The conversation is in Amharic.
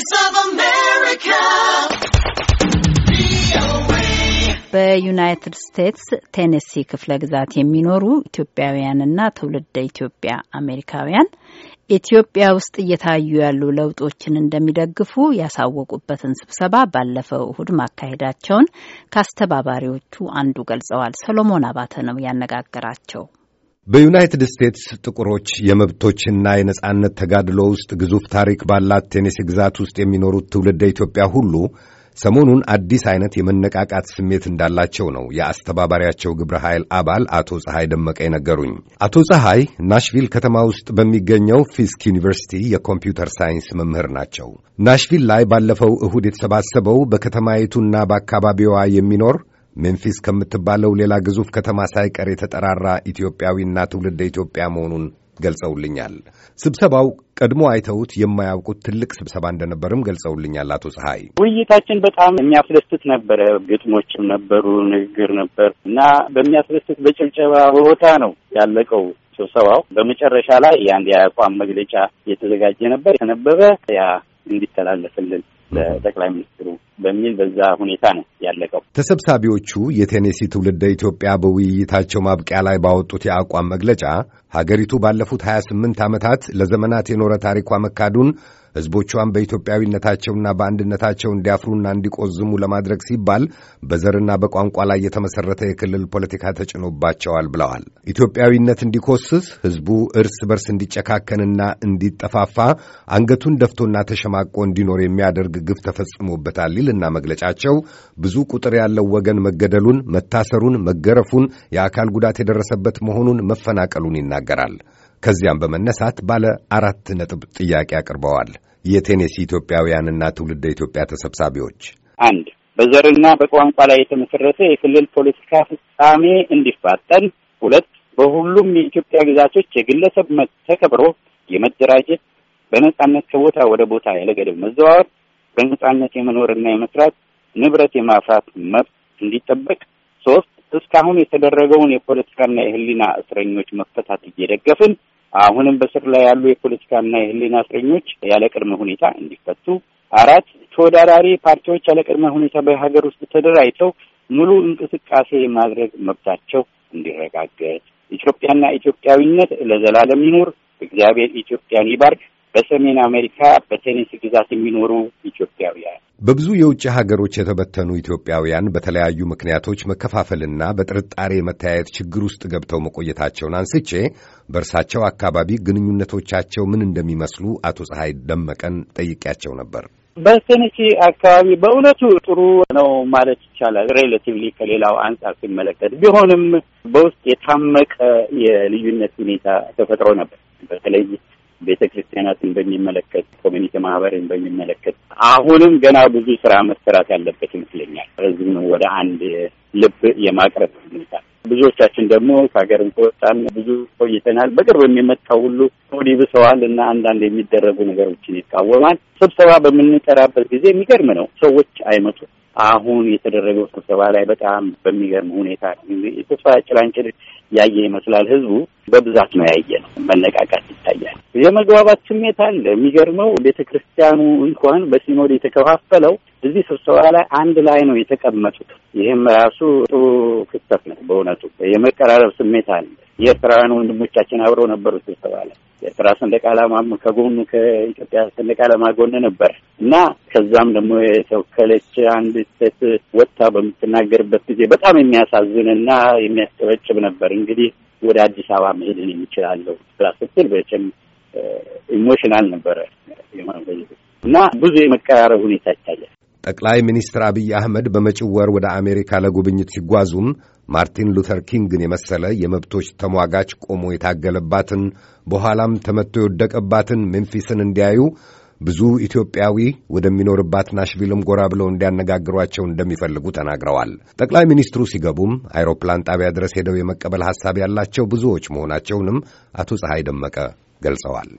Voice of America. በዩናይትድ ስቴትስ ቴኔሲ ክፍለ ግዛት የሚኖሩ ኢትዮጵያውያንና ትውልደ ኢትዮጵያ አሜሪካውያን ኢትዮጵያ ውስጥ እየታዩ ያሉ ለውጦችን እንደሚደግፉ ያሳወቁበትን ስብሰባ ባለፈው እሁድ ማካሄዳቸውን ከአስተባባሪዎቹ አንዱ ገልጸዋል። ሰሎሞን አባተ ነው ያነጋገራቸው። በዩናይትድ ስቴትስ ጥቁሮች የመብቶችና የነጻነት ተጋድሎ ውስጥ ግዙፍ ታሪክ ባላት ቴኔሲ ግዛት ውስጥ የሚኖሩት ትውልደ ኢትዮጵያ ሁሉ ሰሞኑን አዲስ አይነት የመነቃቃት ስሜት እንዳላቸው ነው የአስተባባሪያቸው ግብረ ኃይል አባል አቶ ፀሐይ ደመቀ የነገሩኝ። አቶ ፀሐይ ናሽቪል ከተማ ውስጥ በሚገኘው ፊስክ ዩኒቨርሲቲ የኮምፒውተር ሳይንስ መምህር ናቸው። ናሽቪል ላይ ባለፈው እሁድ የተሰባሰበው በከተማይቱና በአካባቢዋ የሚኖር ሜምፊስ ከምትባለው ሌላ ግዙፍ ከተማ ሳይቀር የተጠራራ ኢትዮጵያዊና ትውልደ ኢትዮጵያ መሆኑን ገልጸውልኛል። ስብሰባው ቀድሞ አይተውት የማያውቁት ትልቅ ስብሰባ እንደነበርም ገልጸውልኛል። አቶ ፀሐይ ውይይታችን በጣም የሚያስደስት ነበረ። ግጥሞችም ነበሩ፣ ንግግር ነበር እና በሚያስደስት በጭብጨባ ቦታ ነው ያለቀው ስብሰባው። በመጨረሻ ላይ የአንድ የአቋም መግለጫ የተዘጋጀ ነበር የተነበበ ያ እንዲተላለፍልን ለጠቅላይ ሚኒስትሩ በሚል በዛ ሁኔታ ነው ያለቀው። ተሰብሳቢዎቹ የቴኔሲ ትውልደ ኢትዮጵያ በውይይታቸው ማብቂያ ላይ ባወጡት የአቋም መግለጫ ሀገሪቱ ባለፉት ሀያ ስምንት ዓመታት ለዘመናት የኖረ ታሪኳ መካዱን ሕዝቦቿን በኢትዮጵያዊነታቸውና በአንድነታቸው እንዲያፍሩና እንዲቆዝሙ ለማድረግ ሲባል በዘርና በቋንቋ ላይ የተመሠረተ የክልል ፖለቲካ ተጭኖባቸዋል ብለዋል። ኢትዮጵያዊነት እንዲኮስስ፣ ሕዝቡ እርስ በርስ እንዲጨካከንና እንዲጠፋፋ አንገቱን ደፍቶና ተሸማቆ እንዲኖር የሚያደርግ ግፍ ተፈጽሞበታል ይልና መግለጫቸው ብዙ ቁጥር ያለው ወገን መገደሉን፣ መታሰሩን፣ መገረፉን፣ የአካል ጉዳት የደረሰበት መሆኑን፣ መፈናቀሉን ይናገራል። ከዚያም በመነሳት ባለ አራት ነጥብ ጥያቄ አቅርበዋል። የቴኔሲ ኢትዮጵያውያንና ትውልደ ኢትዮጵያ ተሰብሳቢዎች አንድ በዘርና በቋንቋ ላይ የተመሰረተ የክልል ፖለቲካ ፍጻሜ እንዲፋጠን፣ ሁለት በሁሉም የኢትዮጵያ ግዛቶች የግለሰብ መብት ተከብሮ የመደራጀት በነጻነት ከቦታ ወደ ቦታ ያለ መዘዋወር፣ በነጻነት የመኖርና የመስራት ንብረት የማፍራት መብት እንዲጠበቅ፣ ሶስት እስካሁን የተደረገውን የፖለቲካና የህሊና እስረኞች መፈታት እየደገፍን አሁንም በስር ላይ ያሉ የፖለቲካና የህሊና እስረኞች ያለ ቅድመ ሁኔታ እንዲፈቱ፣ አራት ተወዳዳሪ ፓርቲዎች ያለ ቅድመ ሁኔታ በሀገር ውስጥ ተደራጅተው ሙሉ እንቅስቃሴ የማድረግ መብታቸው እንዲረጋገጥ፣ ኢትዮጵያና ኢትዮጵያዊነት ለዘላለም ይኑር፣ እግዚአብሔር ኢትዮጵያን ይባርክ። በሰሜን አሜሪካ በቴኔሲ ግዛት የሚኖሩ ኢትዮጵያውያን በብዙ የውጭ ሀገሮች የተበተኑ ኢትዮጵያውያን በተለያዩ ምክንያቶች መከፋፈልና በጥርጣሬ የመተያየት ችግር ውስጥ ገብተው መቆየታቸውን አንስቼ በእርሳቸው አካባቢ ግንኙነቶቻቸው ምን እንደሚመስሉ አቶ ፀሐይ ደመቀን ጠይቄያቸው ነበር። በሰነቺ አካባቢ በእውነቱ ጥሩ ነው ማለት ይቻላል። ሬሌቲቭሊ ከሌላው አንጻር ሲመለከት ቢሆንም በውስጥ የታመቀ የልዩነት ሁኔታ ተፈጥሮ ነበር። በተለይ ቤተ ክርስቲያናትን በሚመለከት ኮሚኒቲ ማህበርን በሚመለከት አሁንም ገና ብዙ ስራ መሰራት ያለበት ይመስለኛል። ህዝብን ወደ አንድ ልብ የማቅረብ ሁኔታ ብዙዎቻችን ደግሞ ከሀገርም ከወጣን ብዙ ቆይተናል። በቅርብ የሚመጣው ሁሉ ሆድ ይብሰዋል እና አንዳንድ የሚደረጉ ነገሮችን ይቃወማል። ስብሰባ በምንጠራበት ጊዜ የሚገርም ነው፣ ሰዎች አይመጡም። አሁን የተደረገው ስብሰባ ላይ በጣም በሚገርም ሁኔታ የተስፋ ጭላንጭል ያየ ይመስላል። ህዝቡ በብዛት ነው ያየ ነው፣ መነቃቃት ይታያል። የመግባባት ስሜት አለ። የሚገርመው ቤተ ክርስቲያኑ እንኳን በሲኖድ የተከፋፈለው እዚህ ስብሰባ ላይ አንድ ላይ ነው የተቀመጡት። ይህም ራሱ ጥሩ ክስተት ነው በእውነቱ። የመቀራረብ ስሜት አለ። የኤርትራውያን ወንድሞቻችን አብረው ነበሩ ስብሰባ ላይ። የኤርትራ ሰንደቅ ዓላማም ከጎኑ ከኢትዮጵያ ሰንደቅ ዓላማ ጎን ነበር እና ከዛም ደግሞ የተወከለች አንድ ሴት ወጥታ በምትናገርበት ጊዜ በጣም የሚያሳዝን እና የሚያስጨበጭብ ነበር። እንግዲህ ወደ አዲስ አበባ መሄድን የሚችላለሁ ስራ ስትል በቸም ኢሞሽናል ነበረ እና ብዙ የመቀራረብ ሁኔታ ይታያል። ጠቅላይ ሚኒስትር አብይ አህመድ በመጪው ወር ወደ አሜሪካ ለጉብኝት ሲጓዙም ማርቲን ሉተር ኪንግን የመሰለ የመብቶች ተሟጋች ቆሞ የታገለባትን በኋላም ተመቶ የወደቀባትን ሜምፊስን እንዲያዩ ብዙ ኢትዮጵያዊ ወደሚኖርባት ናሽቪልም ጎራ ብለው እንዲያነጋግሯቸው እንደሚፈልጉ ተናግረዋል። ጠቅላይ ሚኒስትሩ ሲገቡም አይሮፕላን ጣቢያ ድረስ ሄደው የመቀበል ሐሳብ ያላቸው ብዙዎች መሆናቸውንም አቶ ፀሐይ ደመቀ ገልጸዋል።